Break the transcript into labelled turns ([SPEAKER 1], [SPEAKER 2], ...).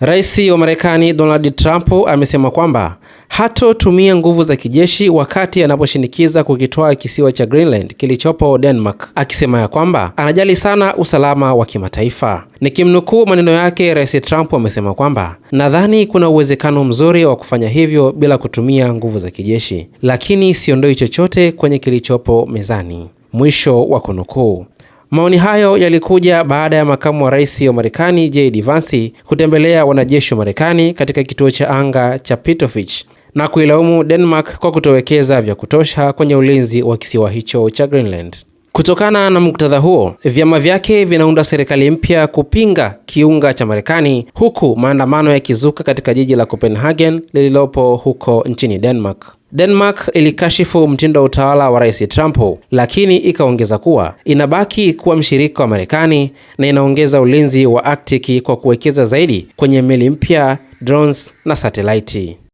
[SPEAKER 1] Rais wa Marekani Donald Trump amesema kwamba hatotumia nguvu za kijeshi wakati anaposhinikiza kukitoa kisiwa cha Greenland kilichopo Denmark, akisema ya kwamba anajali sana usalama wa kimataifa. Nikimnukuu maneno yake, Rais Trump amesema kwamba nadhani kuna uwezekano mzuri wa kufanya hivyo bila kutumia nguvu za kijeshi, lakini siondoi chochote kwenye kilichopo mezani, mwisho wa kunukuu. Maoni hayo yalikuja baada ya makamu wa rais wa Marekani JD Vance kutembelea wanajeshi wa Marekani katika kituo cha anga cha Pitofich na kuilaumu Denmark kwa kutowekeza vya kutosha kwenye ulinzi wa kisiwa hicho cha Greenland. Kutokana na muktadha huo, vyama vyake vinaunda serikali mpya kupinga kiunga cha Marekani, huku maandamano yakizuka katika jiji la Copenhagen lililopo huko nchini Denmark. Denmark ilikashifu mtindo wa utawala wa Rais Trump, lakini ikaongeza kuwa inabaki kuwa mshirika wa Marekani na inaongeza ulinzi wa Arctic kwa kuwekeza zaidi kwenye meli mpya, drones na satelaiti.